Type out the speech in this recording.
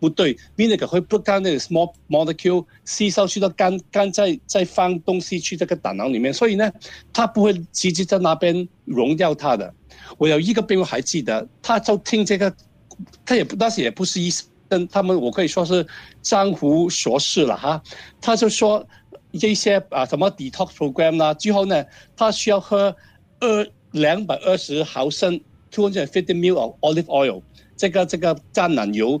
不對 mineral 可以不幹 small molecule 吸收，去到肝肝再再放東西去這個膽囊裡面，所以呢，它不會直接在那邊溶掉它的。我有一個朋友還記得，他就聽這個，他也不，但是也不是醫生他們，我可以說是江湖術士啦哈，他就說這些啊什麼 detox program 啦，最後呢，他需要喝二兩百二十毫升 two hundred fifty ml of olive oil，這個這個橄欖油。